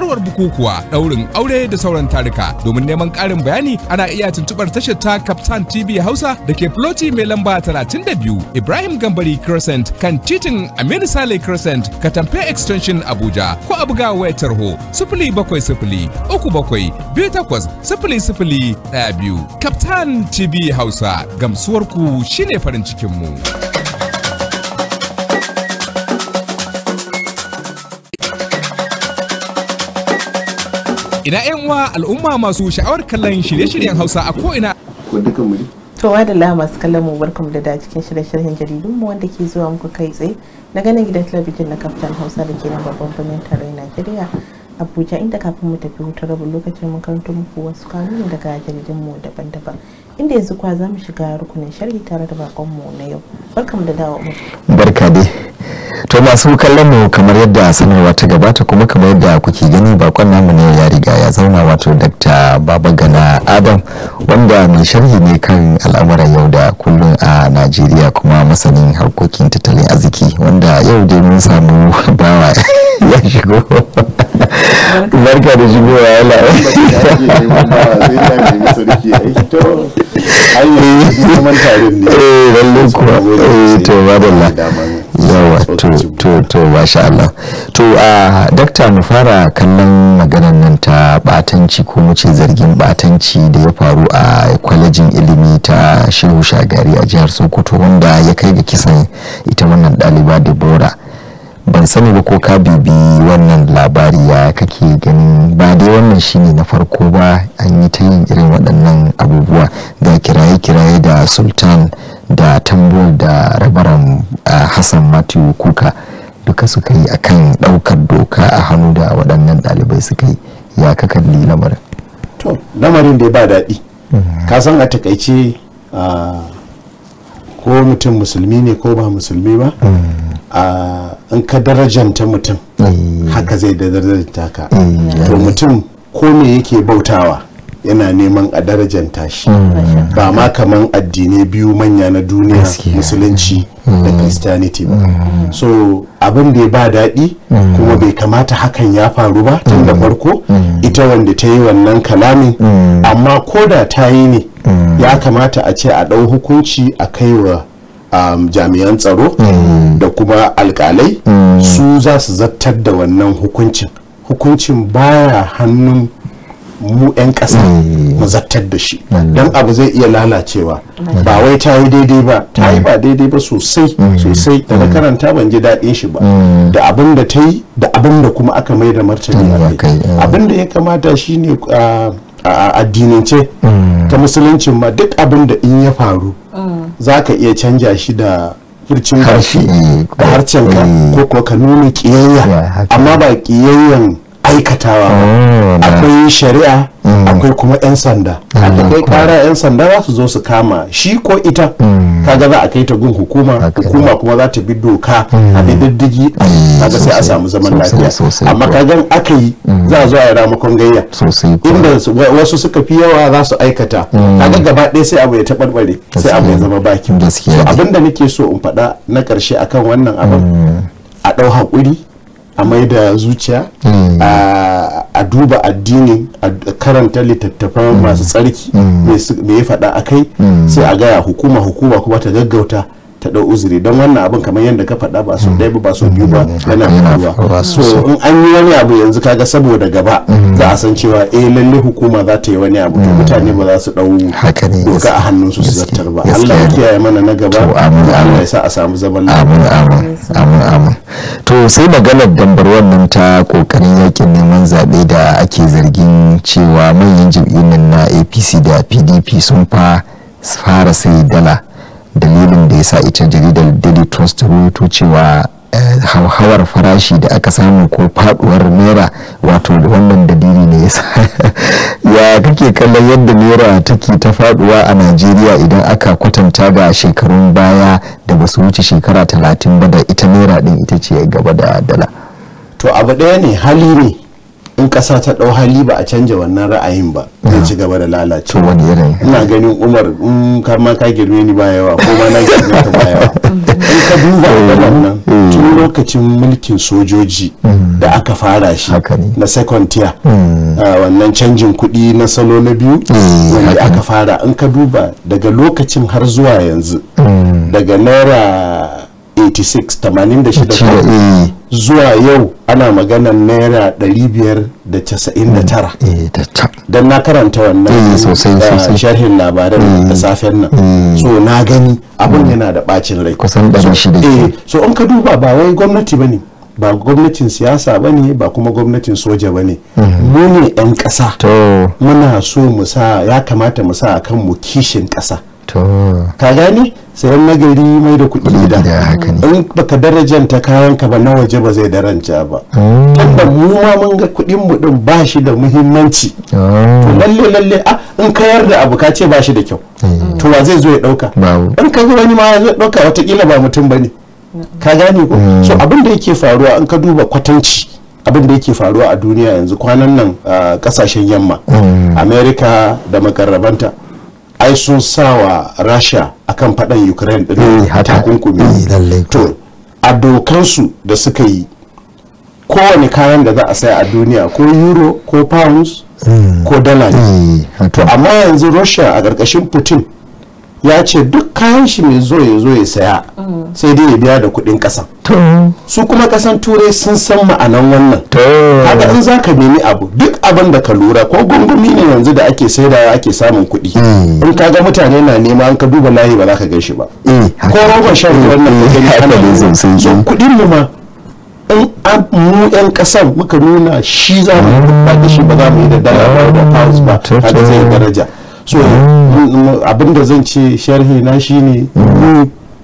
sanarwar bukukuwa daurin aure da sauran tarika domin neman karin bayani ana iya tuntubar tashar ta captain tv hausa da ke floti mai lamba 32 ibrahim gambari crescent kan titin aminu sale crescent katamfe extension abuja ko a buga wayar tarho 07037 biyu captain tv hausa gamsuwar ku shine farin cikinmu. mu Ina yan uwa al'umma masu sha'awar kallon shirye-shiryen Hausa a ko'ina. To da masu kallon mu barkam da da cikin shirye-shiryen jaridun mu wanda ke zuwa muku kai tsaye na ganin gidan talabijin na kaftan Hausa da ke nan babban birnin tarayyar Najeriya. Abuja inda kafin mu tafi hutu rabin lokacin mun karanto muku wasu kanuni daga jaridun mu daban-daban. inda yanzu kwa za mu shiga rukunin sharhi tare da bakonmu na yau barkamu da dawo mu barka dai to masu kallon mu kamar yadda sanarwa ta gabata kuma kamar yadda kuke gani bakon namu ne ya riga ya zauna wato dr babagana adam wanda mai sharhi ne kan al'amuran yau da kullum a najeriya kuma masanin harkokin tattalin arziki wanda yau dai mun samu bawa ya shigo barka da shigowa yana eh, to to masha Allah to a ah, dakta mu fara kallon maganar nan ta batanci ko mu ce zargin batanci da ya faru a kwalejin ilimi ta Shehu Shagari a jihar Sokoto wanda ya kai ga kisan ita wannan ɗaliba Deborah ban sani ba ko ka bibi wannan labari ya kake ganin ba dai wannan shine na farko ba an yi ta yin irin waɗannan abubuwa da kiraye-kiraye da sultan da tambol da rabaran hassan matthew kuka duka suka yi akan ɗaukar doka a hannu da waɗannan ɗalibai suka yi ya ka kalli lamarin to lamarin da ba daɗi mm-hmm. ka san a takaice ko mutum musulmi ne ko ba musulmi ba mm-hmm. in ka darajanta mutum mm. haka zai da darajanta ka mm. to mutum ko me yake bautawa yana neman a darajanta shi mm. ba ma kaman addinai biyu manya na duniya musulunci da christianity ba so abin da ya ba daɗi kuma bai kamata hakan ya faru ba tun da farko ita wanda ta yi wannan kalamin amma ko da ta yi ne ya kamata a ce a ɗau hukunci a kaiwa. um, jami'an tsaro mm. da kuma alkalai mm. su za su zartar da wannan hukuncin hukuncin baya hannun mu 'yan ƙasa mm. mu zartar da shi don abu zai iya lalacewa ba wai ta yi daidai ba ta yi mm. ba daidai ba sosai mm. sosai da na karanta ban ji daɗin shi ba da abin da ta yi da abin da kuma aka mai da martani okay, yeah. abin da ya kamata shine uh, a addinance ta musuluncin ma duk abin da in ya faru za ka iya canja shi da furcin harshe da harcen ka mm. ko kuwa ka nuna kiyayya amma ba kiyayyan aikatawa oh, akwai shari'a akwai kuma 'yan sanda akwai kai kara 'yan sanda za su zo su kama shi ko ita mm. kaga za a kai ta gun hukuma hukuma kuma za ta bi doka a mm. diddigi kaga sai a samu zaman lafiya amma kagan aka yi mm. za a zo a yi ramakon gayya inda wasu suka fi yawa za su aikata ga gaba ɗaya sai abu ya taɓarɓare sai abu ya zama baki abinda nake so in faɗa na ƙarshe akan wannan abin a ɗau haƙuri a mai zuciya mm. a duba addini a karanta littattafan mm. masu tsarki mm. me ya faɗa a kai sai a gaya hukuma hukuma kuma ta gaggauta ta dau uzuri don wannan abin kamar yadda ka faɗa ba so ɗaya ba so biyu ba mm. yana mm. faruwa mm. so in an yi wani abu yanzu kaga saboda gaba za a san cewa eh lalle hukuma za ta yi wani abu to mutane ba za su dau doka a hannun su su zartar ba Allah ya kiyaye mana na gaba Allah ya sa a samu zaman amin amin amin amin to sai maganar dambar wannan ta kokarin yakin neman zaɓe da ake zargin cewa manyan jam'iyyun na APC da PDP sun fa fara sai dala dalilin da ya sa ita jaridar daily trust ta rubuto cewa eh, hauhawar farashi da aka samu ko faduwar naira wato wannan dalili ne ya kake kallon yadda naira take ta faduwa a najeriya idan aka kwatanta ga shekarun baya da basu wuce shekara talatin ba da ita naira din ita ce gaba da dala to abu ɗaya ne hali ne in kasa ta ɗau hali ba a canja wannan ra'ayin ba zai mm. ci gaba da lalace wani yanayi ina ganin umar in ka ma ka girme ni ba yawa ko ma na girme ka ba yawa mm. in ka duba da mm. wannan tun lokacin mulkin sojoji da aka fara shi na second tier wannan canjin kuɗi na salo na biyu wanda aka fara in ka duba daga lokacin har zuwa yanzu daga naira 86 86 zuwa yau ana maganan naira 599 don mm. eh, na karanta wannan eh, labaran mm. da safen nan mm. so na gani abin yana da bacin rai kusan eh, so in ka duba ba wai gwamnati ba ne ba gwamnatin siyasa ba ne ba kuma gwamnatin soja ba ne mu ne 'yan kasa. muna so mu ya kamata mu sa kan mu kishin kasa. ka gani sayan nagari mai da kuɗi da in baka ta kayan ka ba na waje ba zai daranta ba mm. tunda mu ma mun ga kuɗin mu din ba shi da muhimmanci ah. to lalle lalle a ah, in ka da abu ka ce ba shi da kyau eh. to wa zai zo ya dauka in ka ga wani ma ya zo dauka watakila ba mutum bane mm. ka gane ko mm. so abin da yake faruwa in ka duba kwatanci abin da yake faruwa a duniya yanzu kwanan nan kasashen ah, yamma america da makarrabanta ai sun sa sawa rasha akan faɗan ukraine ɗin eh, takunkumi eh, to a dokansu da suka yi kowane kayan da za a saya a duniya ko euro ko pounds hmm. ko dala to eh, amma yanzu russia a ƙarƙashin putin ya ce duk kayan shi mai zo ya zo ya saya sai dai ya biya da kuɗin ƙasan su kuma kasan turai sun san ma'anan wannan kaga in za ka nemi abu duk abin da ka lura ko gungumi ne yanzu da ake saidawa ake samun kuɗi hmm. in ka ga mutane na nema an ka duba layi ba za ka gan shi ba eh, ko roban shan ruwan nan ka gani eh, ana kuɗin mu ma in an mu yan kasan muka nuna shi za mu yi da shi ba za mu yi da dala ba da pounds ba hmm. haka zai daraja so mm. abin da zan ce sharhi na shine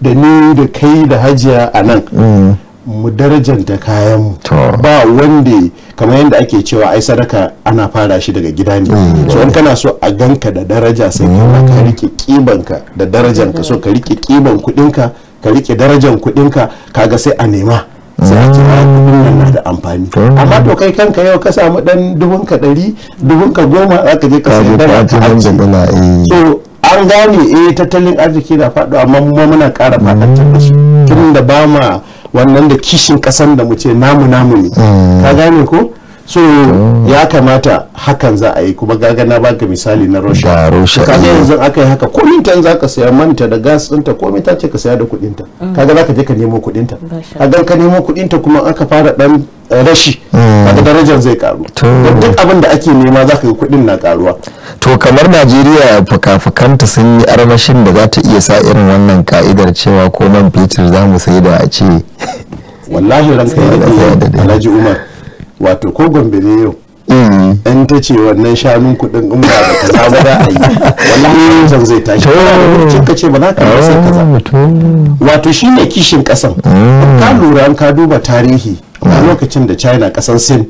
da ni da kai da hajiya a nan mm. mu darajanta kayan ba wanda kamar yadda ake cewa ai sadaka ana fara shi daga gida ne mm. so in kana so a ganka da daraja sai ka ka rike kibanka da darajanka so ka rike kiban kudinka ka rike darajan kudinka kaga sai a nema sai a na da amfani eh. amma to kai kanka yau ka samu dan dubun ka ɗari dubun ka goma za ka je ka sayi dala ta eh. so an gane eh tattalin arziki na faɗo amma mu muna ƙara faɗantar da shi mm. tun da ba ma wannan da kishin kasan da mu ce namu namu ne mm. ka gane ko so oh. ya kamata hakan za a yi kuma gaga na baka misali na russia kaga yanzu aka yi haka komin ta za ka saya manta da gas ɗinta komin ta ce ka saya da kuɗinta mm. kaga za ka je ka nemo kuɗinta kaga ka nemo kuɗinta kuma aka fara ɗan eh, rashi mm. kaga darajar zai karu duk abin da ake nema za ka yi kuɗin na karuwa to kamar najeriya fuka-fukanta sun yi armashin da za ta iya sa irin wannan ka'idar cewa ko man fetur za mu sai da a ce wallahi ranka ya alhaji umar wato ko gombe ne yau yan mm. ta ce wannan shanun kuɗin in ba da kaza ba za a yi wallahi mutum zai tashi mm. cin ka ce ba za ka yi kaza mm. wato shi ne kishin ƙasan ka lura an ka duba tarihi a lokacin da china ƙasan sin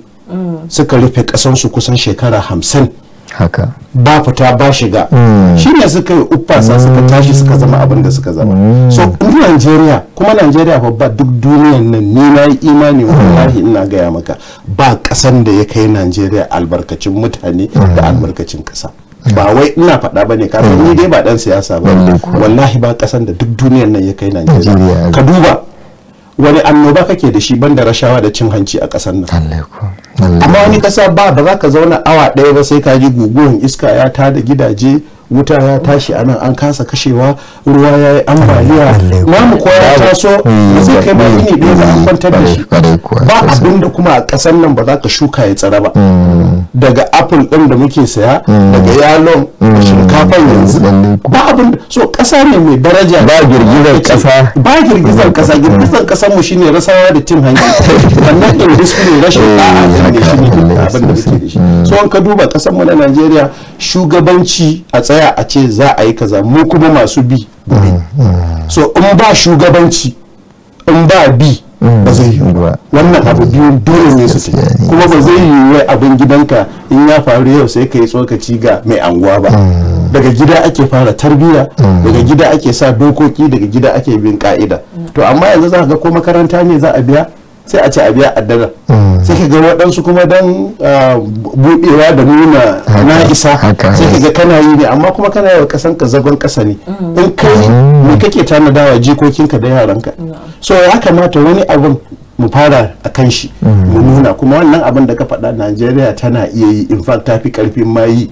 suka rufe ƙasansu kusan shekara hamsin haka ba fita ba shiga mm. shi ne suka yi uffasa suka tashi suka zama abin da suka zama mm. so in najeriya kuma najeriya babba duk duniyan nan ni na yi imani mm. wallahi ina gaya maka ba kasan da ya kai najeriya albarkacin mutane da albarkacin kasa ba wai ina faɗa ba ne kafin ni dai ba dan siyasa ba wallahi ba kasan da duk duniyan nan ya kai najeriya ka duba wani annoba kake da shi banda rashawa da cin hanci a ƙasar nan amma wani ƙasa ba ba za ka zauna awa ɗaya ba sai ka ji guguwan iska ya ta da gidaje wuta ya tashi a nan an kasa kashewa ruwa ya yi ambaliya namu kowa ya taso ba zai kai ba ne ɗaya ba kwantar da shi ba abin da kuma a ƙasar nan ba za ka shuka ya tsara ba hmm. daga apple ɗin da muke saya hmm. daga yalon da hmm. shinkafa yanzu ba abin da so ƙasa ne mai daraja ba girgizar ƙasa ba girgizar ƙasa girgizar ƙasar mu shine rasawa da cin hanyar wannan ɗin ne rashin ɗa'a ne shine abin da muke da shi so an ka duba ƙasar mu na Najeriya shugabanci a tsaya a ce za a yi kaza mu kuma masu bi so in ba shugabanci in ba bi ba zai yi wannan abu biyu dole ne su kuma ba zai yi wai abin gidanka in ya faru yau sai ka yi tsokaci ga mai anguwa ba mm. daga gida ake fara tarbiyya mm. daga gida ake sa dokoki daga gida ake bin ka'ida mm. to amma yanzu za ka ga ko makaranta ne za a biya sai a ce a biya addana sai ka ga waɗansu kuma don ah, buɗewa da nuna na isa sai ka ga kana yi ne amma kuma kana yi wa ƙasan ka zagon ƙasa ne mm. in kai mm. me kake tanadawa jikokinka da yaranka mm. so ya kamata wani abin mu fara a kan shi mu nuna kuma wannan abin da ka faɗa najeriya tana iya yi in fact ta fi ƙarfin ma yi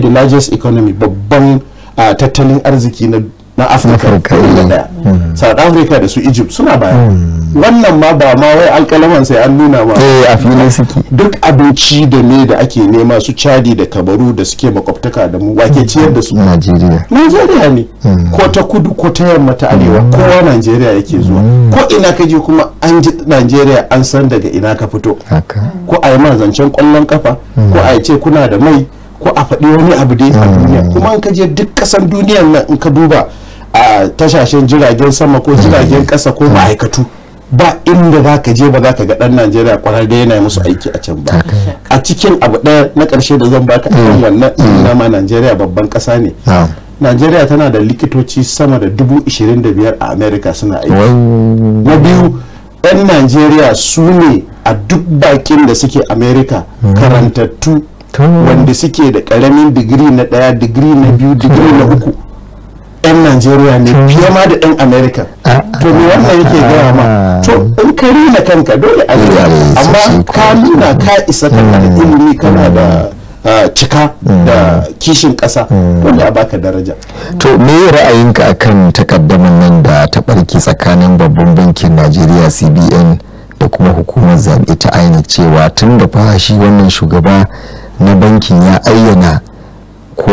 the largest economy babban ah, tattalin arziki na na afirka eh. hmm. south africa da su egypt suna baya hmm. wannan ma ba ma wai alkalaman sai an nuna ma eh, a filin suke duk abinci da ne da ake nema su chadi da kabaru da suke makwabtaka da mu wake ciyar da su Nigeria. Nigeria ne hmm. ko ta kudu ko ta yamma ta arewa kowa Nigeria yake zuwa ko ina ka je kuma an ji Nigeria an san daga ina ka fito ko a yi ma zancen kwallon kafa ko a ce kuna da mai ko a faɗi wani abu dai a duniya kuma an ka je duk ƙasan duniyan nan in ka duba a tashashen jiragen sama ko jiragen kasa ko ma'aikatu ba inda za ka je ba za ka ga dan najeriya kwarar da yana musu aiki a can ba a cikin abu ɗaya na ƙarshe da zan baka akan mm. wannan mm. nama najeriya babban ƙasa ne najeriya tana da likitoci sama da dubu ishirin da biyar a america suna aiki na biyu 'yan najeriya su ne a duk bakin da suke america mm. karantattu wanda suke da karamin digiri na ɗaya digiri na biyu digiri na uku 'yan najeriya ne hmm. fiye ma da 'yan america ah, ah, to me wannan ah, yake gaya ma to in ka rina kanka dole a riya hmm. amma hmm. ka nuna ka isa kana da ilimi kana da cika da kishin ƙasa wanda baka daraja to me ra'ayinka akan takaddamin nan da ta barki tsakanin babban bankin najeriya cbn da kuma hukumar zaɓe ta ainihin cewa tun da fahashi wannan shugaba na bankin ya ayyana ko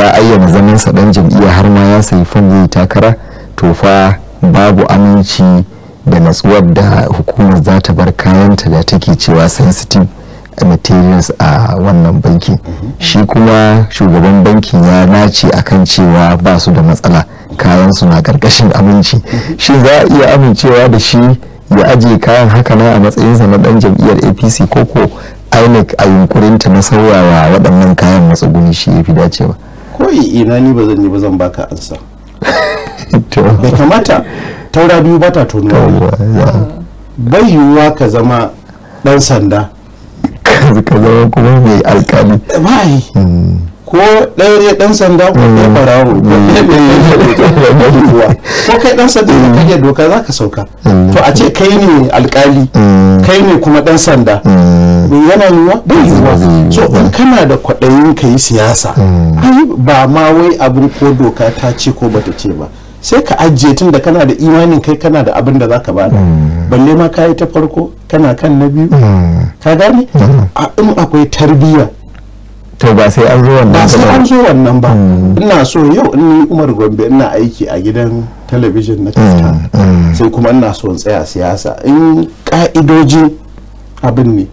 ya ayyana sa dan jam'iyya har ma ya sayi fan yi takara to fa babu aminci da natsuwar da hukumar za ta bar kayanta da take cewa sensitive materials a wannan banki shi kuma shugaban banki ya nace akan cewa ba su da matsala kayan su na karkashin aminci shi za a iya amincewa da shi ya ajiye kayan haka na a matsayinsa na dan jam'iyyar apc koko inec a ta na sauyawa waɗannan kayan matsuguni shi ya fi dacewa koyi ina ni ba zan yi ba zan baka ansa bai kamata taura biyu ba ta tonuwa bai yiwuwa ka zama ɗan sanda ka zama kuma mai alkali ko ɗaya ne ɗan sanda ko ɗaya farawo mm. mm. ko kai ɗan sanda ne mm. kage doka za ka sauka to a ce kai ne alƙali. kai ne kuma ɗan sanda yana yiwuwa bai yiwuwa so in kana da kwaɗayin ka yi siyasa ba ma wai abin ko doka ta ce ko bata ce ba sai ka ajiye tun da kana da imanin kai kana da abin da za ka bada balle ma ka yi ta farko kana kan na biyu ka gane in akwai tarbiyya to ba sai an zo wannan ba sai an zo wannan ba mm. ina so yau in ni Umar Gombe ina aiki a gidan talabijin na kasta mm, mm. sai kuma ina so in tsaya siyasa in ka'idojin abin ne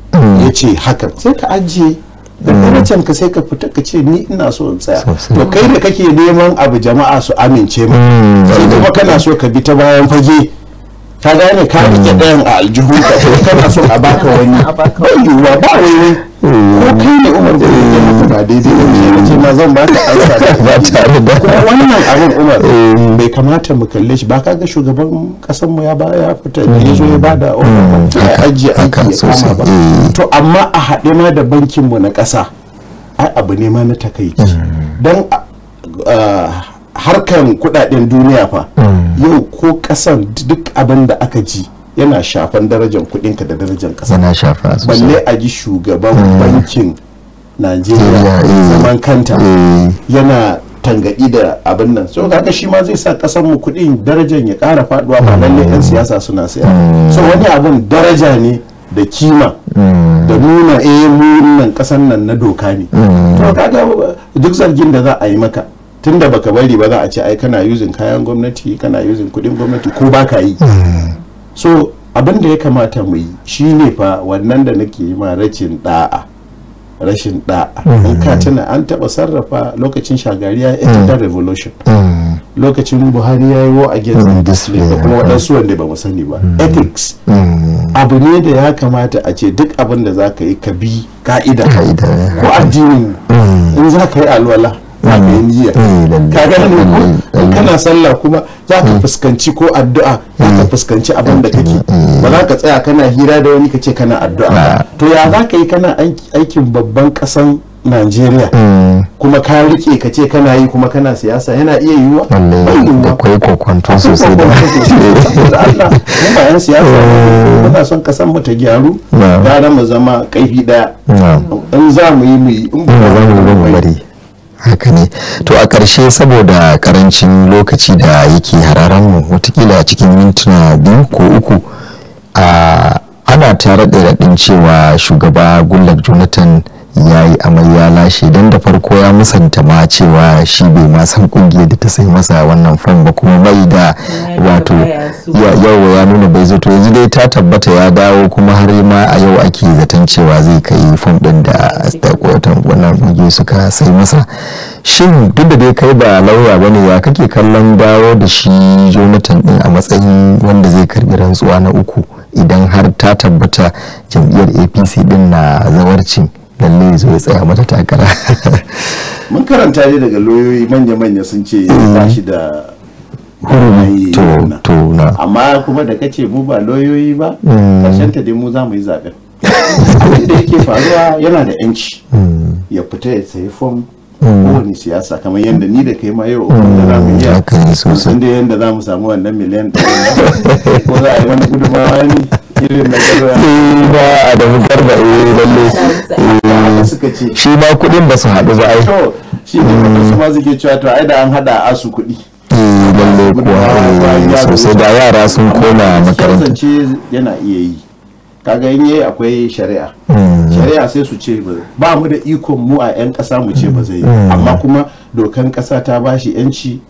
ya ce hakan sai ka ajiye da darajar ka sai ka fita ka ce ni ina so in tsaya to kai da kake neman abu jama'a su amince ma sai kuma kana so ka bi ta bayan fage ka gane ka rike dayan a aljihunka to kana so a baka wani bai yiwuwa ba wai ko kai ne umar da ba daidai ba sai ce ma zan ba ka ansa ba tare da wannan abin umar eh, bai kamata mu kalle shi ba kaga shugaban kasan mu ya ba ya fita hmm. ya zo ya bada ya hmm. ajiye aiki ya kama ba eh. to amma a haɗe ma da bankin mu na ƙasa ai abu ne ma na takaici hmm. dan harkan kudaden duniya fa yau ko kasan duk abin da aka ji yana shafan darajar kudinka da darajar kasa yana shafa balle a ji shugaban bankin najeriya eh. zaman kanta eh. yana tangadi da abin nan so kaga shi ma zai sa kasar mu kudin darajar ya kara faduwa ba lalle yan mm. siyasa suna siya mm. so wani abin daraja ne da kima mm. da nuna eh nan kasan nan na doka ne to kaga duk zargin da za a yi maka tunda baka bari ba za a ce ai kana using kayan gwamnati kana using kudin gwamnati ko baka yi so abin da ya kamata mu yi shine fa wannan da nake yi ma racin da'a rashin da mm. in ka tuna an taba sarrafa lokacin shagariya mm. ita revolution mm. lokacin buhari ya yi war a da kuma waɗansu wanda ba mu sani ba ethics abu ne da ya kamata a ce duk abin da za ka yi ka bi ka'ida eh. ko addini in za ka yi alwala za ka yi niyya eh, ka ne ko kana sallah kuma za ka eh. fuskanci ko addu'a za ka eh. fuskanci abin da kake ba za ka tsaya kana hira da wani ka ce kana addu'a ah. to ya za ka yi kana aikin babban kasan Najeriya kuma ka rike ka ce kana yi kuma kana siyasa yana iya yiwuwa akwai kokwanto sosai da ba yan siyasa muna son kasan mu ta gyaru gara mu zama kaifi daya in za mu yi mu yi in ba za mu yi mu bari haka ne to a ƙarshe saboda ƙarancin lokaci da yake hararan mu watakila cikin mintuna biyu ko uku a ana tare da cewa shugaba gullak jonathan ya yi amai ya lashe don da farko ya musanta ma cewa shi bai ma san da ta sai masa wannan fom ba kuma bai da wato yau ya nuna bai zato yanzu dai ta tabbata ya dawo kuma har ma a yau ake zaton cewa zai kai fom din da astagwatan wannan kungiya suka sai masa shin duk da dai kai ba lauya ba ne ya kake kallon dawo da shi jonathan din a matsayin wanda zai karbi rantsuwa na uku idan har ta tabbata jam'iyyar apc din na zawarcin lalle zo ya tsaya mata takara mun karanta ne daga lauyoyi manya-manya sun ce mm. ba da hurumi to na amma kuma da kace mu ba lauyoyi ba karshen mm. ta dai mu za mu yi zaɓen da yake faruwa yana da yanci mm. ya fita ya sayi form kowane siyasa kamar yadda ni da kai ma yau da za iya sosai yadda za mu samu wannan miliyan ɗaya ko za a yi wani gudunmawa ne Eh, ba a da hukar ba eh lalle eh, shi ba kudin ba su haɗu ba ai shi ne su ma cewa to ai da an hada a su kudi eh lalle kuwa eh, sosai da yara sun koma makaranta yana iya yi kaga in yayi akwai shari'a hmm. shari'a sai su ce ba mu da ikon mu a 'yan ƙasa mu ce ba zai yi hmm. amma kuma dokan ƙasa ta bashi 'yanci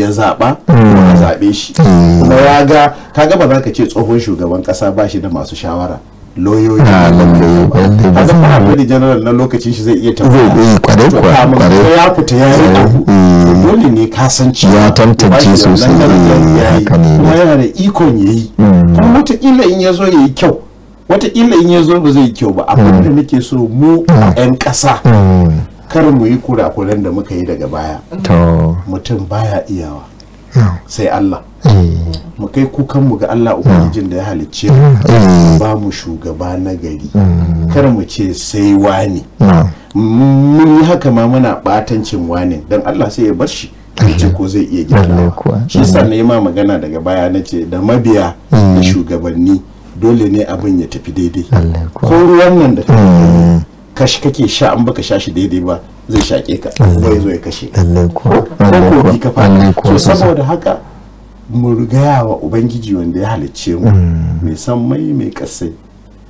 ya zaɓa kuma a zaɓe shi kuma ya ga kaga ba za ka ce tsohon shugaban ƙasa ba shi da masu shawara lauyoyi ah, a lauyoyi ba general na lokacin shi zai iya tambaya to kamun ko ya fita ya yi abu eh, eh. dole ne kasance ya tantance sosai eh, kuma yana da ikon ya yi hmm. kuma wataƙila in ya zo ya yi kyau wataƙila in ya zo ba zai yi kyau ba abin da hmm. nake so mu a 'yan hmm. ƙasa kar mu yi kurakuran da muka yi daga baya mutum baya iyawa sai Allah eh. mu kai kukanmu ga Allah ubangijin da ya halicce mm, eh. ba mu shugaba na gari mm. kar mu ce sai wani mun yi haka ma muna batancin wani don Allah sai ya bar shi ce ko zai iya gina shi sa na ma magana daga baya na ce da mabiya da mm. shugabanni dole ne abin ya tafi daidai ko ruwan nan da ta kashi kake sha an baka sha shi daidai ba zai shaƙe ka kuma ya zo ya kashe ka ko bi ka saboda haka mu rigaya wa ubangiji wanda ya halicce mu mm. mai san mai mai kasai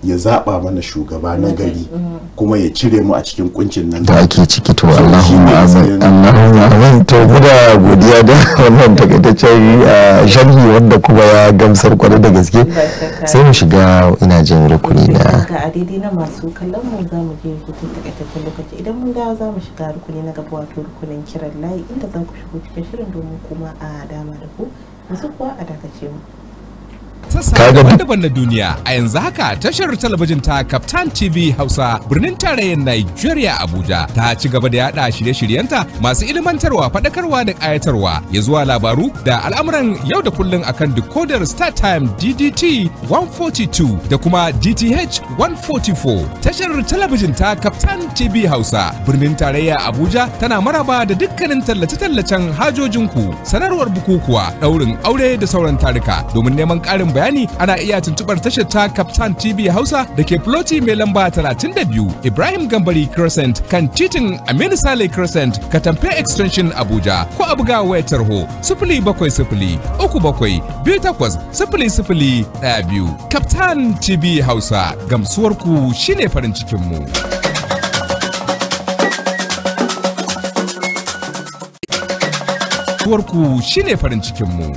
ya zaba mana shugaba na gari mhm. kuma ya cire mu a cikin kuncin nan da ake ciki to Allahumma amin amin to guda godiya da wannan a sharhi wanda kuma ya gamsar kwana da gaske sai mu shiga ina jin rukuni na adidi na masu kallon mu za mu je hutun takaitaccen lokaci idan mun dawo za mu shiga rukuni na gaba wato rukunin kiran layi inda za ku shigo cikin shirin domin kuma a dama da ku masu kuwa a dakace mu sassa daban-daban na duniya a yanzu haka tashar talabijin ta Captain TV Hausa birnin tarayyar Nigeria Abuja ta ci gaba da yada shirye-shiryenta masu ilimantarwa faɗakarwa da ƙayatarwa ya zuwa labaru da al'amuran yau da kullun akan decoder Star Time DDT 142 da kuma DTH 144 tashar talabijin ta Captain TV Hausa birnin tarayya Abuja tana maraba da dukkanin tallace-tallacen hajojinku sanarwar bukukuwa daurin aure da sauran tarika domin neman ƙarin bayani ana iya tuntuɓar tashar ta Captain TV Hausa da ke Floti mai lamba 32 Ibrahim Gambari Crescent kan titin Aminu Sale Crescent Katamfe Extension Abuja ko a buga wayar tarho 070 37 0800 biyu Captain TV Hausa gamsuwarku shine farin cikinmu. mu. ku shine farin cikinmu.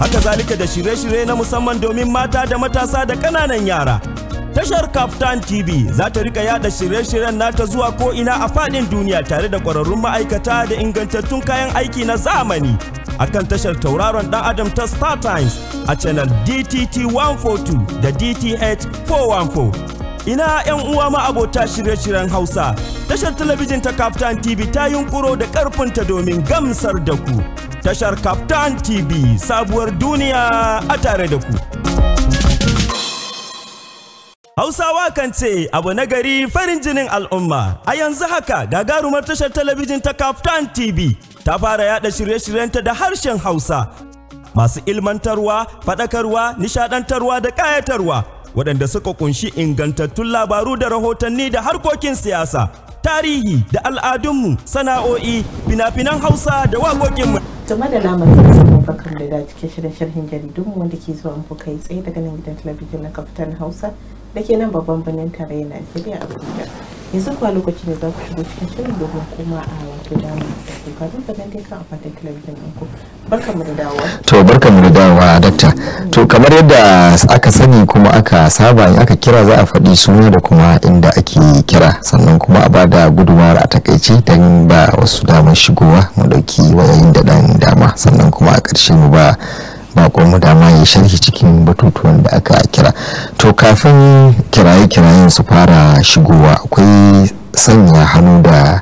haka zalika da shirye-shirye na musamman domin mata da matasa da ƙananan yara. Tashar Kaftan TV za ta rika yada shirye-shiryen nata zuwa ko ina a faɗin duniya tare da ƙwararrun ma'aikata da ingantattun kayan aiki na zamani. Akan tashar tauraron ɗan Adam ta Star Times a channel DTT 142 da DTH 414. ina 'yan uwa ma abota shirye-shiryen Hausa. Tashar talabijin ta Kaftan TV ta yunkuro da ƙarfinta domin gamsar da ku. tashar Kaftan TV sabuwar duniya a tare da ku. Hausawa kan ce abu na gari farin jinin al'umma a yanzu haka gagarumar tashar talabijin ta Kaftan TV ta fara yada shirye-shiryenta da harshen Hausa masu ilmantarwa, faɗakarwa, nishadantarwa da ƙayatarwa waɗanda suka kunshi ingantattun labaru da rahotanni da harkokin siyasa. tarihi da al'adunmu sana'o'i fina-finan hausa da waƙoƙinmu. Tuma da lamar sassan bakar da cikin shirin sharhin jaridunmu wanda ke zuwa muku kai tsaye daga nan gidan talabijin na kaftan hausa da ke nan babban birnin tarayyar Najeriya Abuja. yanzu kuwa lokaci da za ku shigo cikin shirin domin kuma a wato dama da kafin ka kai kan akwatin talabijin ɗinku barkanmu da dawowa to barkanmu da dawowa dakta to kamar yadda aka sani kuma aka saba in aka kira za a faɗi suna da kuma inda ake kira sannan kuma a ba da gudumar a takaici don ba wasu damar shigowa mu ɗauki wayoyin da ɗan dama sannan kuma a ƙarshe mu ba bakon mu da ma ya sharhi cikin batutuwan da aka kira to kafin kiraye-kirayen su fara shigowa akwai sanya hannu da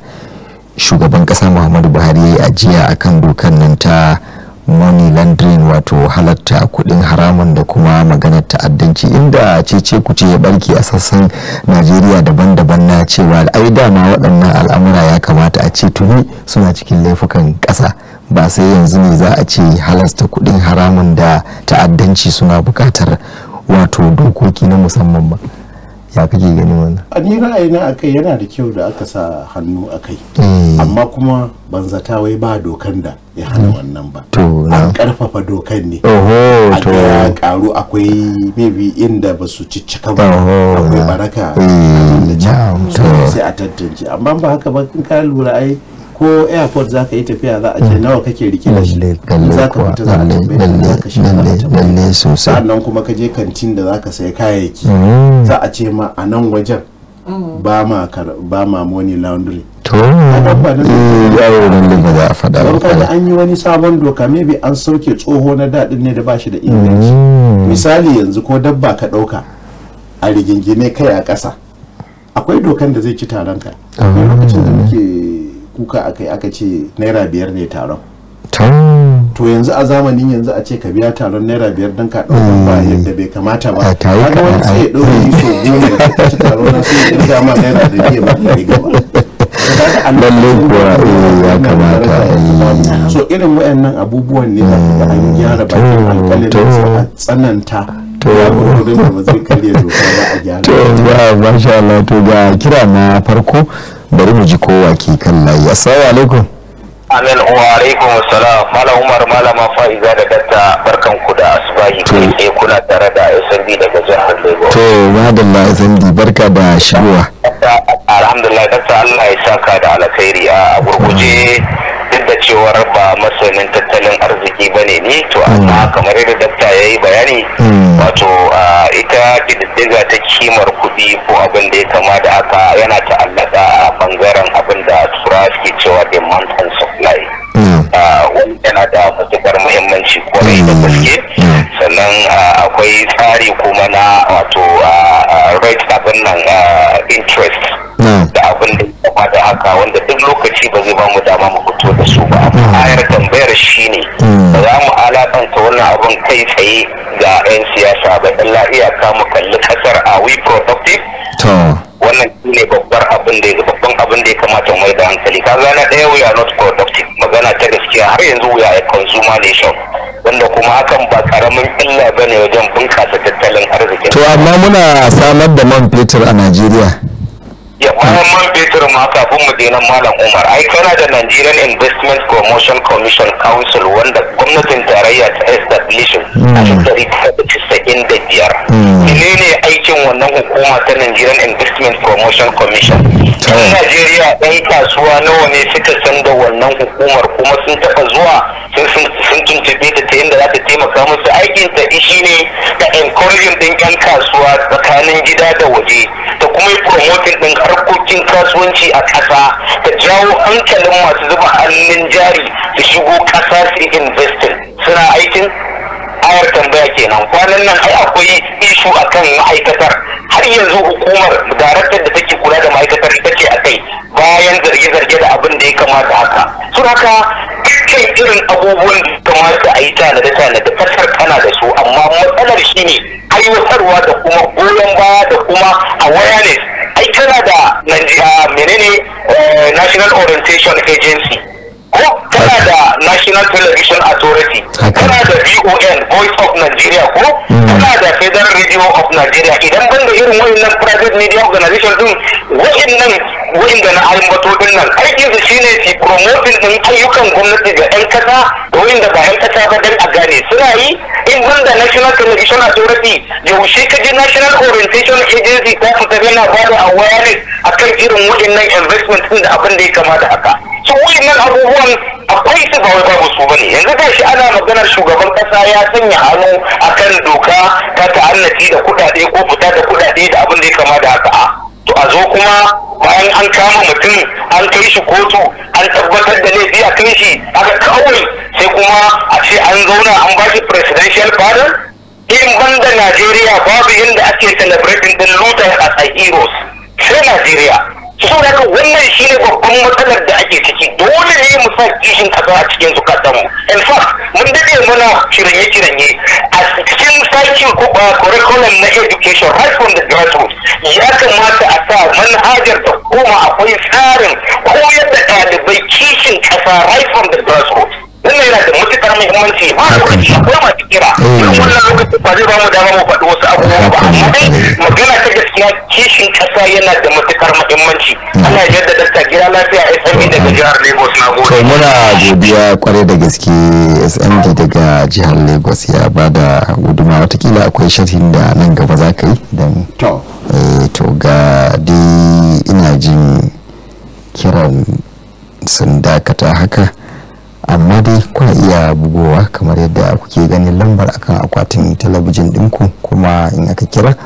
shugaban kasa muhammadu buhari a jiya akan dokan nan ta money laundering wato halatta kudin haramun da kuma maganar ta'addanci inda cece kuce ya barki a sassan najeriya daban-daban na cewa ai dama waɗannan al'amura ya kamata a ce tuni suna cikin laifukan ƙasa ba sai yanzu ne za a ce halasta kuɗin haramun da ta'addanci suna bukatar wato dokoki na musamman ba ya kake gani wannan a ni ra'ayina a kai yana da kyau da aka sa hannu akai eh. amma kuma ban zata wai ba dokan da ya hana hmm. wannan ba an karfafa dokan ne a ya karu akwai maybe inda ba su ciccika ba akwai baraka eh, sai a tantance amma ba haka ba kin ka lura ai ko airport za ka yi tafiya za a ce hmm. nawa kake rike da shi za ka fita za a tambaye ka za ka shiga lalle sannan kuma ka je kantin da za ka sayi kayayyaki hmm. za a ce ma a nan wajen hmm. ba ma ba ma money laundry to yawo eh, nan da ba za a faɗa ba kuma an yi wani sabon doka maybe an sauke tsoho na daɗin ne da ba shi da inganci misali yanzu ko dabba ka ɗauka a rigingine kai a ƙasa akwai dokan da zai ci taron ka ah. lokacin da kuka akai aka ce naira biyar ne taron to yanzu a zamanin yanzu a ce ka biya taron naira biyar don ka ɗauka ba mm. yadda bai kamata ba a ya a yi so goma da ka ci taron na sai ya ɗirga naira da biya ba ka ba lallai kuwa eh, ya kamata eh. so irin wayannan abubuwan ne da an gyara mm. a alƙalin da tsananta to ya ba masha Allah to ga kira na farko bari mu ji kowa ke kan layi assalamu alaikum amin wa alaikum assalam malam umar malama fa'iza da datta barkan ku da asubahi kai sai kuna tare da smd daga jihar lagos to madalla smd barka da shigowa alhamdulillah datta allah ya saka da alkhairi a gurguje cewar ba masanin tattalin arziki ba ne ni to amma kamar yadda dakta ya yi bayani hmm. wato ita diddiga ta kimar kuɗi ko abin da ya kama da haka yana ta'allaka a bangaren abin da turawa cewa demand and supply hmm. yana da da muhimmanci kwarai da mm. gaske mm. sannan akwai tsari kuma na wato rate abin nan interest mm. da abin da ya da haka wanda duk lokaci ba zai ba mu dama mu fito da su ba amma ayar tambayar shi ne ba za mu alaƙanta wannan abin kai tsaye ga 'yan siyasa ba illa iyaka mu kalli kasar a we productive wannan shi ne babbar abin da ya babban abin da ya kamata mai da hankali ka gana ɗaya we are not productive magana ta gaskiya har yanzu wuya are a consumer nation wanda kuma hakan ba karamin illa bane wajen bunƙasa tattalin arziki to amma muna samar da man fetur a Najeriya ya bayan man fetur ma kafin mu denan malam umar ai kana da nigerian investment promotion commission council wanda gwamnatin tarayya ta establishing hmm. a shekaru casa'in da biyar hmm. menene aikin wannan hukuma ta nigerian investment promotion commission yan najeriya ɗan kasuwa nawa ne suka san da wannan hukumar kuma sun taɓa zuwa sun da ta ta yadda za ta taimaka musu aikin sa shi ne da encouraging din yan kasuwa tsakanin gida da waje da kuma promoting din harkokin kasuwanci a ƙasa da jawo hankalin masu zuba hannun jari su shigo ƙasa su investing suna aikin ayar tambaya kenan kwanan nan ai akwai ishu akan ma'aikatar har yanzu hukumar daraktar da take kula da ma'aikatar ita ce akai bayan zarge-zarge da abin da ya kamata haka su haka dukkan irin abubuwan da kamata a yi tanada-tanada da fasar tana da su amma matsalar shi ne aiwatarwa da kuma goyon baya da kuma a awareness ai kana da menene eh, national orientation agency ko kana da national television authority kana da von voice of nigeria ko kana hmm. da federal radio of nigeria idan ban da irin wayannan private media organization din wayannan wa'inda na ambato din nan aikin su shine su promotin din ayyukan gwamnati ga 'yan kasa da wa'inda ba 'yan kasa ba dan a gane suna yi in wanda national television authority yaushe ka ji national orientation agency ta tafi yana ba da awareness kan irin wa'innan investment din da abin da ya kamata haka su wa'innan abubuwan akwai su ba wai babu su ne. yanzu da shi ana maganar shugaban kasa ya sanya hannu akan doka ta ta'annaci da kuɗaɗe ko fita da kuɗaɗe da abin da ya kamata haka to a zo kuma bayan an kama mutum an kai shi kotu an tabbatar da laifi a kai shi aka kawai sai kuma a ce an zauna an ba shi presidential pardon in banda najeriya babu inda ake celebrating din as a heroes sai najeriya saboda haka wannan shi ne babban matsalar da ake ciki dole ne mu sa kishin kasa a cikin zukatanmu in fact mun daɗe muna kiranye-kiranye a cikin sakin kuɓa curriculum na education right from the grassroots ya kamata a sa manhajar ta koma akwai tsarin koyar da ɗalibai kishin kasa right from the grassroots wannan yana da matukar muhimmanci ba lokaci akwai masu kira oh. irin wannan lokaci ba zai ba mu dama mu faɗi wasu abubuwa ba amma dai magana ta gaskiya kishin ƙasa yana da matukar muhimmanci hmm. ana yadda dakta gida lafiya SMD e hmm. daga jihar Lagos na gode to muna godiya kwarai da gaske SMD e daga jihar Lagos ya ba da guduma watakila akwai sharhin da nan gaba za ka yi don to eh, to ga dai ina jin kiran sun dakata haka amma dai kuna iya bugowa kamar yadda kuke ganin lambar akan akwatin talabijin ɗinku kuma in aka kira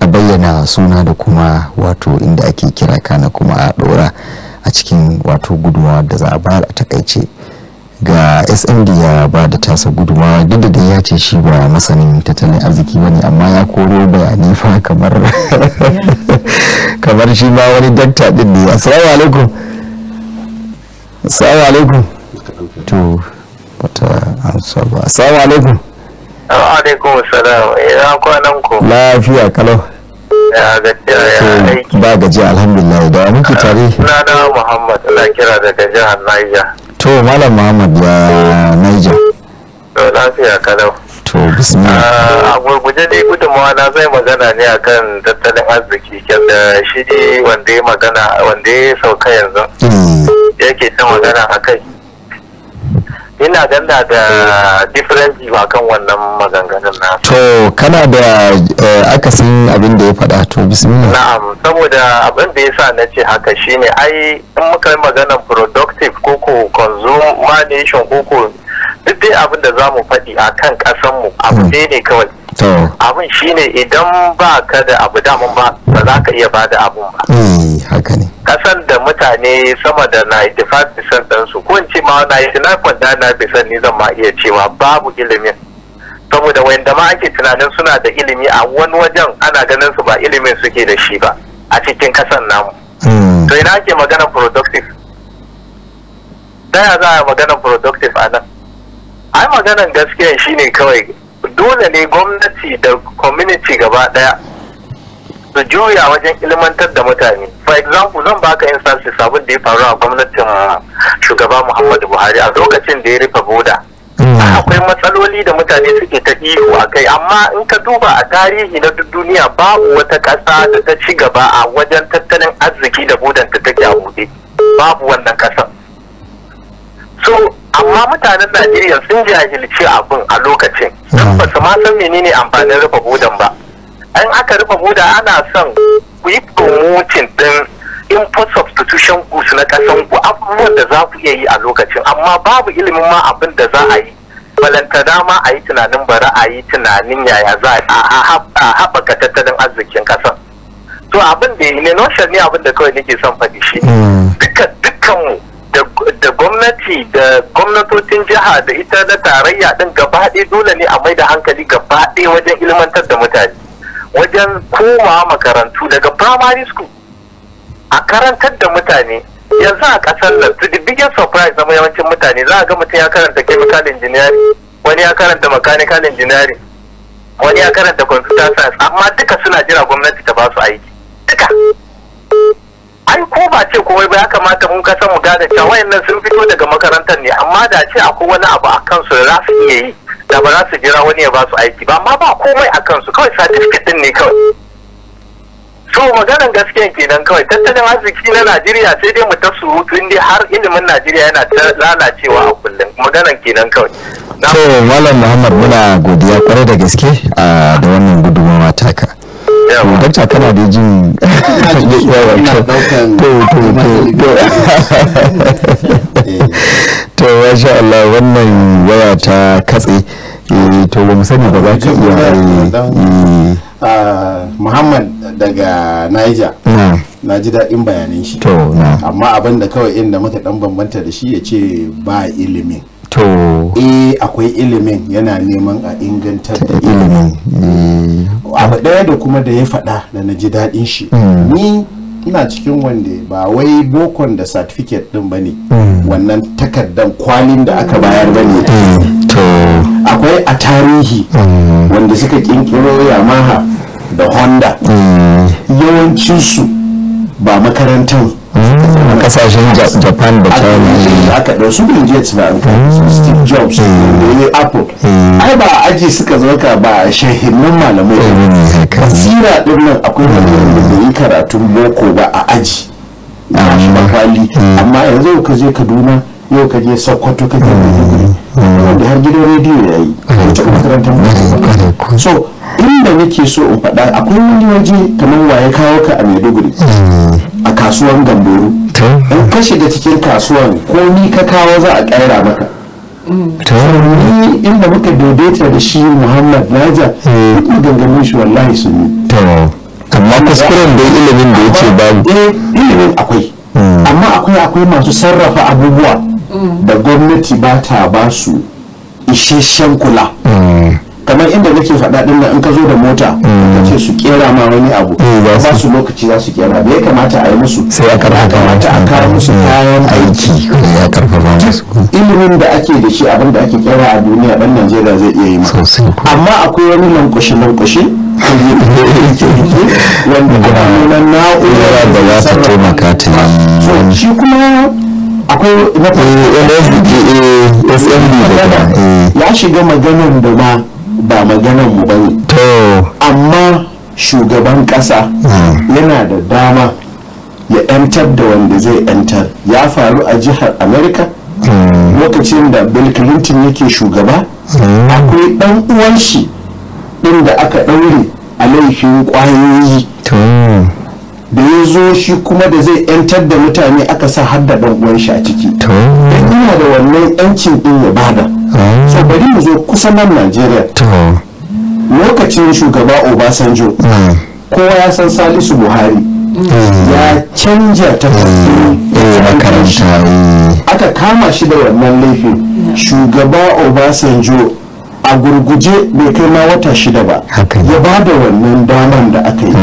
a bayyana suna da kuma wato inda ake kira kana kuma a ɗora a cikin wato gudumawa da za a ba a takaice ga smd ya ba da tasa gudumawa duk da ya ce shi ba masanin tattalin arziki ne amma ya koro bayani fa kamar kamar shi ma wani dakta din ne assalamu alaikum assalamu alaikum to bata amsa ba assalamu alaikum alaikum assalam ina kwanan ku lafiya kalau ya gajiya ya aiki ba gajiya alhamdulillah da muke ah, tare na da muhammad la kira daga jihar naija to malam muhammad ya naija to lafiya kalau to bismillah ah, a gurguje dai gudunmawa na zai magana ne akan tattalin arziki da shi ne wanda ya magana wanda ya sauka yanzu eh. yake ta magana a kai ina ganda da different ba kan wannan maganganun na to kana da eh, akasin abin da ya faɗa to bismillah na'am saboda abin da yasa na ce haka shine ai in muka yi maganar productive koko consume nation koko duk dai abin da za mu faɗi a kan ƙasanmu abu dai hmm. ne kawai abin shine idan ba ka da abu damun ba ba za ka iya ba da abun ba eh, haka ne kasan da mutane sama da 95% ɗansu ko in ce ma 99.9% ne zan ma iya cewa babu ilimin saboda wanda ma ake tunanin suna da ilimi a wani wajen ana ganin su ba ilimin suke da shi ba a cikin kasan namu hmm. to ina ake magana productive ta za a magana productive a nan ai maganan gaskiya shine kawai dole ne gwamnati da community gaba daya su juya wajen ilmantar da mutane for example zan baka in sabon da ya faru a gwamnatin shugaba muhammadu buhari a lokacin da ya rufe boda hmm. akwai matsaloli da mutane suke ta ihu a kai amma in ka duba a tarihi na duniya babu wata ƙasa da ta ci gaba a wajen tattalin arziki da budanta ta take a buɗe babu wannan ƙasa so amma mutanen najeriya sun jahilci abin a lokacin don ba su ma san menene amfanin rufe budan ba in aka rufe buda ana son ku yi promoting din import substitution goods na kasan ku abubuwan da za ku iya yi a lokacin amma babu ilimin ma abin da za a yi balanta ma a yi tunanin bara a yi tunanin yaya za a haɓaka tattalin arzikin kasan to abin da ne notion ne abin da kawai nake son faɗi shi hmm. dukkan mu da gwamnati da gwamnatocin jiha da ita na tarayya din gaba dole ne a mai da hankali gaba wajen ilmantar da mutane wajen komawa makarantu daga primary school a karantar da mutane yanzu a ƙasar nan to the biggest surprise na yawancin mutane za a ga mutum ya karanta chemical engineering wani ya karanta mechanical engineering wani ya karanta computer science amma duka suna jira gwamnati ta ba su aiki duka ai ko ba ce komai ba ya kamata mun kasa mu gane cewa wayannan sun fito daga makarantar ne amma da ce akwai wani abu a kansu da za su iya yi da ba za su jira wani ya ba su aiki ba amma ba komai a kansu kawai certificate ne kawai so maganan gaskiyan kenan kawai tattalin arziki na Najeriya sai dai mu ta surutu inda har ilimin Najeriya yana ta lalacewa a kullum maganan kenan kawai to malam Muhammad muna godiya kwarai da gaske ah, da wannan gudunmawa taka yawa dakta kana da jin yawa to to to to masha Allah wannan waya ta katse eh, to ba mu sani ba za ka iya eh. ah, Muhammad daga Niger na ji daɗin bayanin shi amma abin da kawai inda muka dan bambanta da shi ya ce ba ilimin to eh akwai ilimin yana neman a ingantar da ilimin abu ɗaya da kuma da ya faɗa da na ji daɗin shi hmm. ni ina cikin wanda ba wai bokon da certificate din bane hmm. wannan takardan kwalin da aka bayar bane hmm. akwai a tarihi wanda suka kinkiro yamaha da honda yawancinsu ba makarantar Mm. kasashen japan da china su bill gates ba steve jobs ne mm. apple mm. ai ba aji suka zauka ba shahimin malamai kasira din nan akwai malamin da bai yi karatun boko ba a aji na ah. shi makwali amma yanzu ka je kaduna yau ka je sokoto ka je maiduguri wanda har gidan rediyo ya yi wata makarantar maiduguri so inda nake so in faɗa akwai wani waje kamar waye kawo ka a maiduguri a kasuwan gamboro in ka shiga cikin kasuwan ko ni ka kawo za a kaira maka ni inda muka daidaita da shi muhammad naja eh. duk maganganun shi wallahi su ne amma kuskuren da ilimin da yake ba. Eh, ilimin akwai hmm. amma akwai akwai masu sarrafa abubuwa hmm. da gwamnati ba ta ba su isasshen kula hmm. kamar inda nake faɗa din nan in ka zo da mota ka ce su kera ma wani abu ba su lokaci za su kera Ba ya kamata a yi musu sai a ya kamata a kawo musu kayan aiki ya karfafa musu ilimin da ake da shi abin da ake kera a duniya dan Najeriya zai iya yi amma akwai wani lankwashe lankwashe wanda a nunan na'ura da za ta taimaka ta yi shi kuma akwai na fahimta smb da ya shiga maganin da ma ba maganan mu bane to amma shugaban kasa hmm. yana da dama ya 'yantar da wanda zai 'yantar ya faru a jihar america hmm. lokacin da bill clinton yake shugaba hmm. akwai dan uwan shi din da aka ɗaure a laifin kwayoyi da ya zo shi kuma da zai 'yantar da mutane aka sa har da uwan shi a ciki yana da wannan 'yancin din ya bada Hmm. so bari mu zo kusan nan najeriya lokacin shugaba obasanjo hmm. kowa ya san salisu buhari hmm. ya canja ta eh, eh. aka kama shi da wannan laifin shugaba obasanjo a gurguje bai kai ma wata shida ba ya ba da wannan daman da aka yi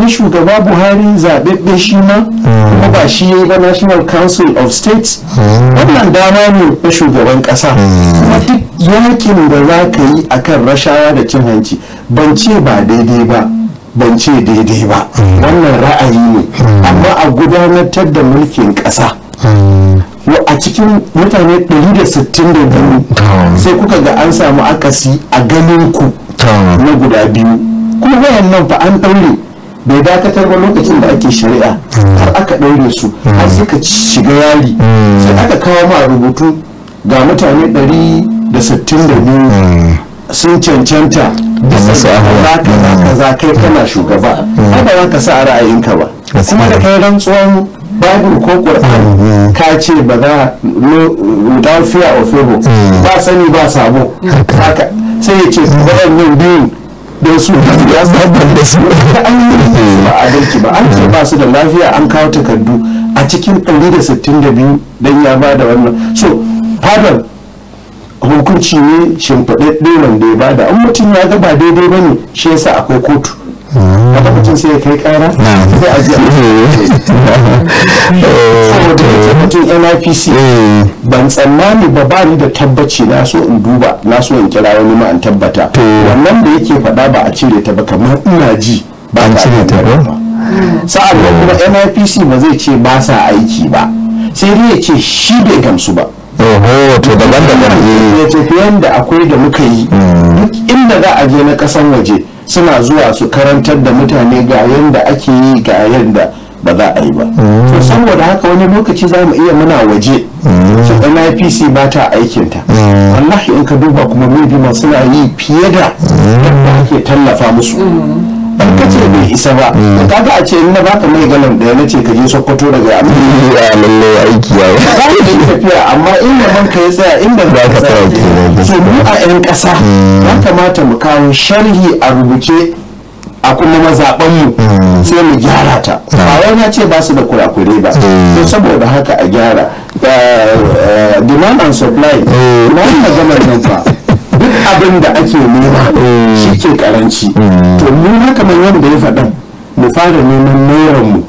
ni shugaba buhari zaɓe shi ma kuma ba shi ya ba national council of states wannan dama ne na shugaban ƙasa kuma duk yakin da za ka yi akan rashawa da cin hanci ban ce ba daidai ba ban ce daidai ba wannan ra'ayi ne amma a gudanar da mulkin ƙasa a cikin mutane 162 sai kuka ga an samu akasi a ganin ku na guda biyu kuma wayan nan fa an ɗaure bai dakatar ba lokacin da ake shari'a har aka ɗaure su har ka shiga yari sai aka kawo ma rubutu ga mutane 162 sun cancanta da su za ka kaza kai kana shugaba haka mm. za ka sa a ra'ayinka ba kuma da kai rantsuwan babu ko qur'an mm. ka ce ba za without fear of evil mm. ba sani ba sabo sai ya ce ba zan yin biyu don su ya zaɓar da su ba adalci ba an ba su da lafiya an kawo takardu a cikin 162 don ya ba da wannan so fadar hukunci ne shimfiɗaɗɗe wanda ya da an mutum ya ga ba daidai ba ne shi yasa akwai kotu wani mutum sai ya kai kara sai a jiya eh. saboda ya mutum nipc eh. ban tsammani ba ba ni da tabbaci na so in duba na so in kira wani ma in tabbata wannan da yake faɗa ba a cire ta ba kamar ina ji ba a cire ta ba sa'an kuma nipc ba zai ce ba sa aiki ba sai dai ya ce shi bai gamsu ba oho to daban daban ne tafiyan da akwai da muka yi hmm. duk inda za a je na kasan waje suna zuwa su karantar da mutane ga yadda ake yi ga yadda ba za a yi ba to mm. saboda haka wani lokaci za mu iya muna waje mm. su nipc ba ta aikinta mm. Allah in ka duba kuma maybe masu yi fiye da yadda ake tallafa musu in bai isa ba mm. ka ga a ce na baka mai galan da na ce ka je sokoto daga amurka ya lalle aiki ya yi ba ni tafiya amma inda man ka ya tsaya inda ba ka tsaya ke so mu a yan ƙasa ya mm. kamata mu kawo sharhi a rubuce a kuma mazaɓan mu. Mm. sai mu gyara ta ba wai na ce ba su da kurakure ba to saboda haka a gyara eh, demand and supply na maganar nan fa abin da ake nema mm. shi ke karanci mm. to mu haka kamar yadda ya faɗa mu fara neman naira mu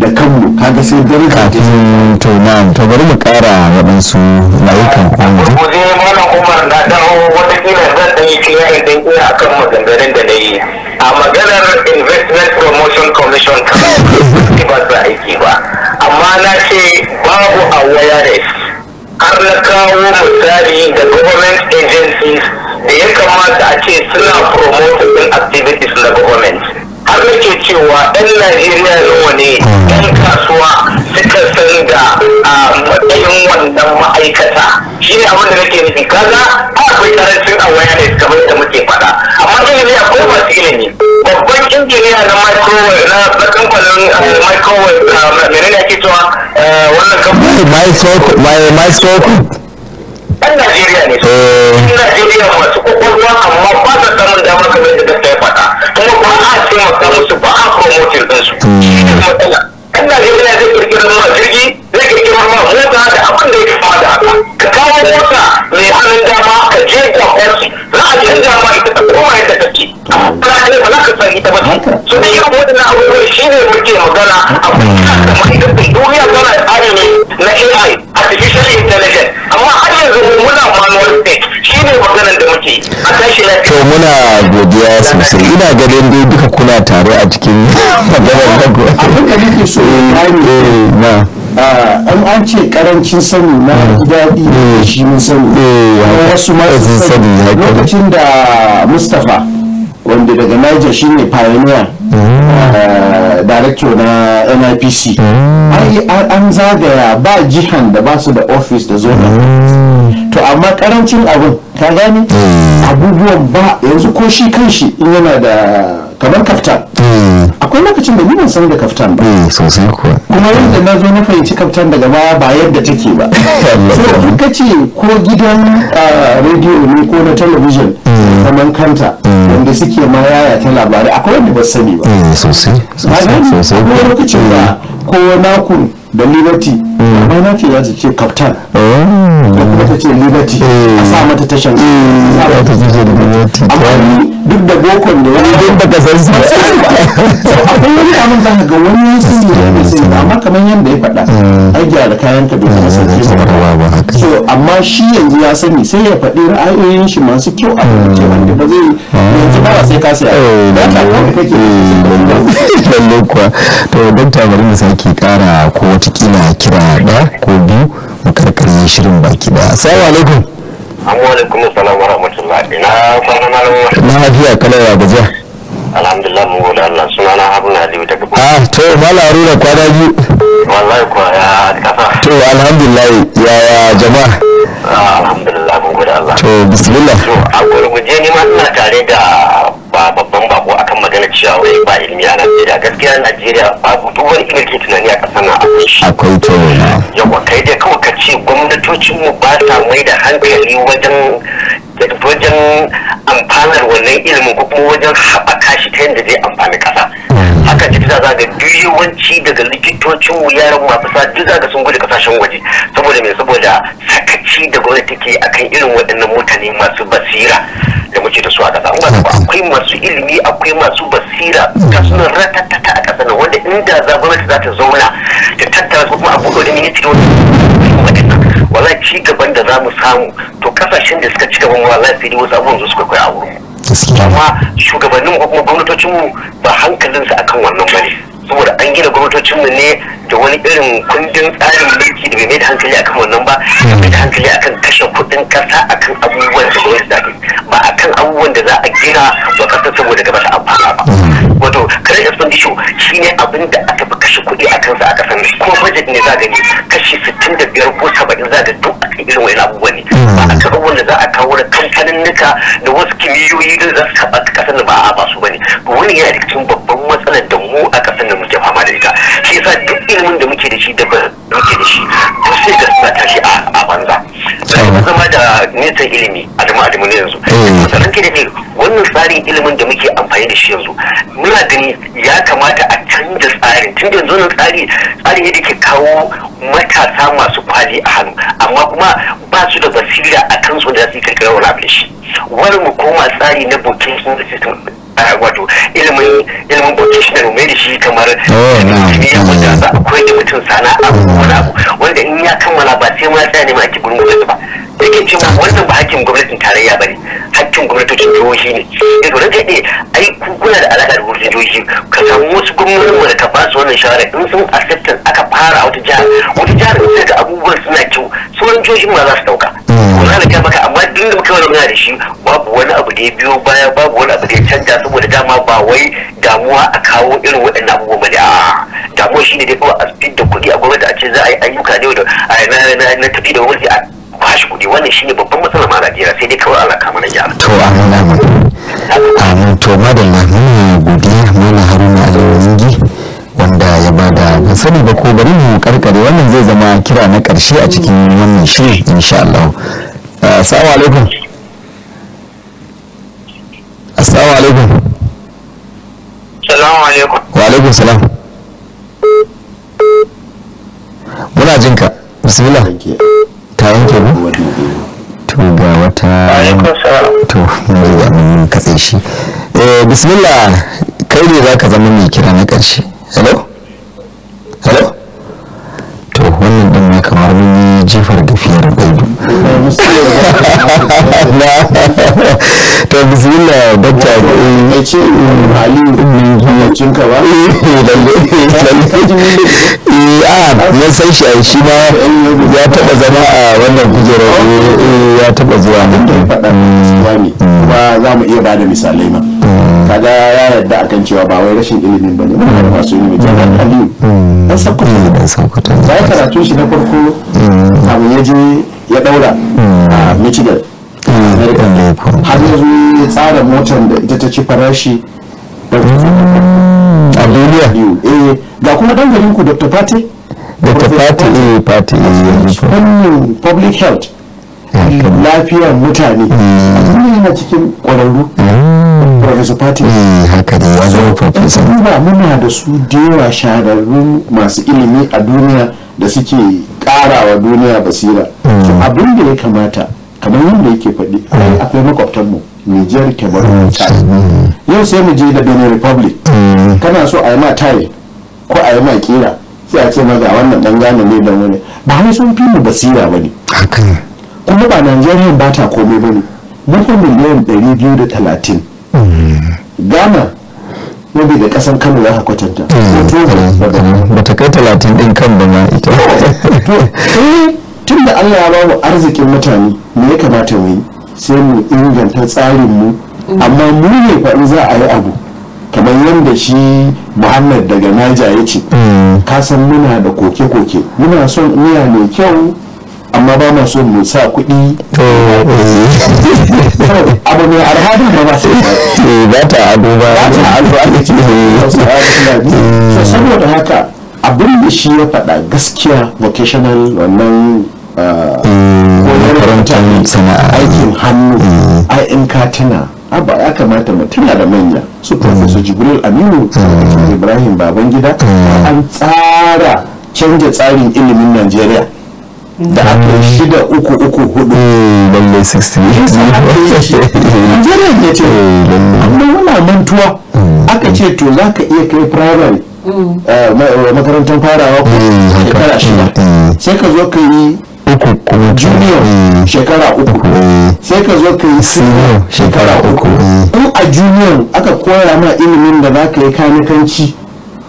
da kanmu kaga sai ka ta mm, to na to bari mu kara waɗansu layukan kuma mu je mana Umar na dawo wata kila zan dan yi kiyar da iya akan maganganun da nayi a maganar investment promotion commission kan ba za aiki ba amma na ce babu awareness har na kawo misali da government agencies da ya kamata a ce suna promoting din activities na government har nake cewa 'yan najeriya nawa ne 'yan kasuwa suka san da matsayin wannan ma'aikata shi ne abinda nake nufi kaga akwai karancin awareness kamar yadda muke faɗa amma ilimi akwai masu ilimi babban injiniya na microwave na kamfanin eh, microwave ah, menene ake cewa eh, wannan kamfani microwave ɗan Najeriya ne su. Eh. Ɗan Najeriya masu kwakwalwa amma ba da samun damar kamar da ta yi faɗa. Kuma ba a taimaka musu ba a promoting ɗinsu. Hmm. Shi ne Ɗan Najeriya zai kirkirar ma jirgi zai kirkirar ma mota da abin da ya kama da haka. Ka kawo mota mai hannun dama ka je kwakwarsu za a canza ma ita ta koma ita ta fulani ba za ka san ita ba so ne irin da ma'aikatan duniya muna manual state to muna godiya sosai ina ganin dai duka kuna tare a cikin maganar da ku abin da nake so eh, eh, na an an ce karancin sani na eh. daɗi shi mun sani wasu ma sani lokacin da Mustapha wanda daga niger shine pioneer mm. uh, director na nipc mm. an zagaya ba jihan da ba su da office da zona mm. to amma karancin abin ta gani. abubuwan ba yanzu ko shi kan shi in yana da kamar kaftan akwai lokacin da ban san da kaftan ba kuma yadda na zo na fahimci kaftan daga baya ba yadda take ba so in ce ko gidan uh, rediyo ne ko na talabijin kamar kanta wanda mm. suke ma yaya ta labarai akwai wanda ba sani ba eh, sosai sosai ko lokacin da mm. ko naku da liberty mm. amma na ce za su ce captain oh. Mata ce liberty eh. a sa mata tashan eh, amma duk da bokon da wani duk da kasar su akwai wani abin za ka ga wani sun yi da bai sai amma kamar yadda ya faɗa eh. ai gyara kayan ka bai kuma sauke ba so amma shi yanzu ya sani sai ya faɗi ra'ayoyin shi masu kyau a rubuce hmm. wanda ba zai hmm. yanzu ba sai ka sai ya ka kuma kake lalle kuwa to dokta bari mu sake kara ko wata kila kira da ko biyu wannan shirin baki daya assalamu alaikum alaikum assalam wa rahmatullah ina fara malama lafiya ya gajiya alhamdulillah mu gode Allah suna na Haruna Aliyu daga Ah to mala Haruna kwana biyu wallahi kwa ya kasa to alhamdulillah ya ya jama'a ah, alhamdulillah mu gode Allah to bismillah to a gurguje ni ma ina tare da babban da gaskiya najeriya babu duk wani irin ke tunani a ƙasar nan akwai shi akwai yawa kai dai kawai ka ce gwamnatocin mu ba ta mai da hankali wajen wajen amfanar wannan ilimin ko kuma wajen haɓaka shi ta yadda zai amfani ƙasa mm. haka duk za ga duk yawanci daga likitocin mu yaran masu sa duk za ga sun gudu ƙasashen waje saboda me saboda saka sakaci da gwamnati a akan irin waɗannan mutane masu basira da muke da su a ƙasa ba akwai masu ilimi akwai masu basira ta suna ratatata a ƙasa nan wanda inda za gwamnati za ta zauna ta tattara su kuma a buɗe da ministry waɗannan wala ci gaban da za mu samu to kasashen da suka ci gaban wala sai dai wasu abubuwan su kai a wurin amma shugabannin ko kuma gwamnatocinmu ba hankalinsu akan wannan bane saboda an gina gwamnatocinmu ne da wani irin kundin tsarin mulki da bai mai da hankali akan wannan ba bai da hankali akan kashe kuɗin ƙasa akan abubuwan da gwamnati da ba akan abubuwan da za a gina wa ƙasa saboda gaba ta amfana ba wato kare expenditure shine abin da aka fi kashe kuɗi a kansa a ƙasar nan ko budget ne za ga ne? kashi sittin da biyar ko saba'in za ga duk a irin wani abubuwa ne ba kan abubuwan da za a kawo da kamfanin nuka da wasu kimiyyoyi da za su karɓa ƙasar nan ba a ba su ba ne wani yana da cikin babban matsalar da mu a ƙasar nan da muke fama da ita shi yasa duk ilimin da muke da shi da muke da shi to sai ga suna tashi a banza zama da nisan ilimi a zama a ne yanzu misalan eh. ke da wannan tsarin ilimin da muke amfani da shi yanzu muna gani ya kamata a da tsarin tun da yanzu tsari tsari ne da ke kawo matasa masu kwali a hannu amma kuma ba su da basira a kan su da su kirkira wani abin shi wani mu koma tsari na bokin system wato ilimin ilimin vocational mai da shi kamar oh, akwai a da mutum sana'a wani abu wanda in ya kammala ba sai ma tsaya ne ma ake gurgurta ba yake wa wannan ba hakkin gwamnatin tarayya ba ne hakkin gwamnatocin jihohi ne ya eh, to ranka ne eh, ai kuna da alaƙa da gwamnatin jihohi ka samu wasu gwamnatin ka ba su wannan shawara in sun acceptance aka fara a wata jihar wata jihar sai ga abubuwan suna kyau sauran jihohin ma za su ɗauka kuma hmm. da maka amma duk da muka wani muna da shi babu wani abu da ya biyo baya babu wani abu da ya canja saboda dama ba wai damuwa a kawo irin waɗannan abubuwa ba ne a damuwa shi ne dai kawai a da kuɗi a gwamnati a ce za a yi ayyuka ne da na tafi da gwamnati a ba shi kuɗi wannan shine babban matsalar ma Najeriya sai dai kawai Allah kama na gyara. To amin amin. Amin to madalla muna godiya mana Haruna Aliyu Ningi wanda ya bada ban sani ba ko bari mu karkare wannan zai zama kira na karshe a cikin wannan shi insha Allah. Uh, assalamu alaikum. Assalamu alaikum. Assalamu alaikum. Wa alaikum salam. Muna jinka. Bismillah. ta yanke ne to ga wata to da mun katse shi eh bismillah kai ne zaka zama mai kira na karshe hello hello to wannan din ne kamar mun yi jifar gafiyar gaidu na ta bismillah dakta ya ce hali mm, mm, eh, ka ba eh, a mun san shi shi ma ya taba zama a wannan kujerar eh, ya taba zuwa mm. ne ba za mu iya bada misalai ma kaga ya yarda akan cewa ba wai rashin ilimin bane ba masu ta dan sakkwato dan sakkwato ba karatu shi na farko kamun ya je ya daura a michigan har yanzu ne ya tsara motar da ita ta ci farashi mm. a duniya eh, ga kuma dan garin ku dr fate dr fate eh fate eh, fannin public health lafiyar mutane mm. a yana cikin kwararru mm. professor fate eh, haka da ya zo professor duba muna da su dewa shahararru masu ilimi a duniya da suke karawa duniya basira abin da ya kamata kamar yadda yake faɗi mm. akwai mu. Nijar kebar Chad mm. yau sai mu je da Benin Republic mm. kana so a yi ma tayi ko a yi ma kira sai a ce maza wannan dan gane ne dan wani ba wai sun fi mu basira bane kuma ba Najeriya ba ta komai bane mutum miliyan 230 Ghana mabi da kasan Kano za ka kwatanta ba ta kai talatin ɗin kan ba ma ita da allah ya bamu arzikin mutane me ya kamata mu yi sai mu inganta tsarin mu amma mu ne fa za a yi abu kamar yadda shi muhammad daga naja ya ce hmm. kasan muna da koke-koke muna son iya mai kyau amma ba ma son mu sa kuɗi oh. abu mai ba ba sai eh, ba ta abu ba ba ta abu ce hmm. saboda haka abin da shi ya faɗa gaskiya vocational wannan Eh, makarantar sana'a aikin hannu eh. ai in ka tuna ya kamata mu tuna da manya su eh. professor jibril aminu ibrahim babangida an tsara canja tsarin ilimin najeriya da aka shida uku uku hudu lalle 60 najeriya ya ce amma muna mantuwa aka ce to za ka iya kai primary mm. makarantar farawa ko shekara shida sai ka zo ka yi uku junior shekara uku sai ka zo ka yi senior shekara uku in a junior aka koya ma ilimin da za ka yi kanikanci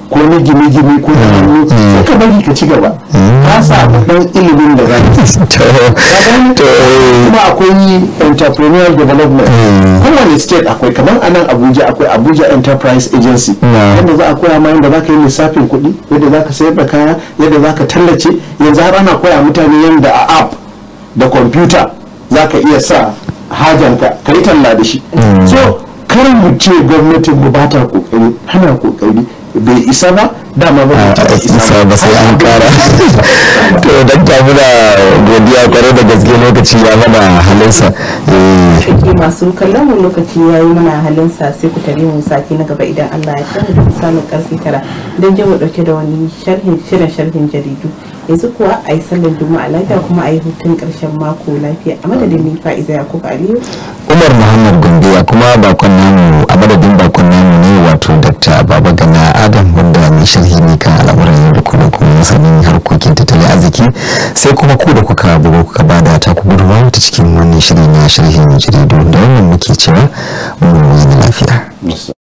ko na gine-gine ko na hannu mm. mm. sai bari ka ci gaba ka mm. samu dan ilimin da za ka eh. kuma akwai entrepreneurial development kowane state akwai kamar anan abuja akwai abuja enterprise agency yadda za a koya ma yadda za ka yi lissafin kuɗi yadda za ka sayar da kaya yadda za ka tallace yanzu har ana koya mutane yadda a app da computer za ka iya sa hajanka ka yi talla da shi so kar mu ce gwamnatin mu ba ta kokari hana kokari bai isa ba dama ba isa ba sai an kara to dakta muna godiya kwarai da gaske lokaci ya mana halinsa eh. masu kallon mu lokaci ya yi mana halinsa sai ku tare mu sati na gaba idan Allah ya kai mu samun karfi tara dan je mu dauke da wani sharhin shirin sharhin jaridu yanzu kuwa a yi sallar juma'a lafiya kuma a yi hutun karshen mako lafiya a madadin ni fa'iza yakub aliyu umar muhammad gombe kuma bakon namu a madadin bakon namu ne wato dakta baba gana adam wanda mai sharhi ne kan al'amuran yau da kullum kuma masanin harkokin tattalin arziki sai kuma ku da kuka buga kuka bada ta ku gudunmawa ta cikin wannan shirin na na jaridu da wannan muke cewa mu yi lafiya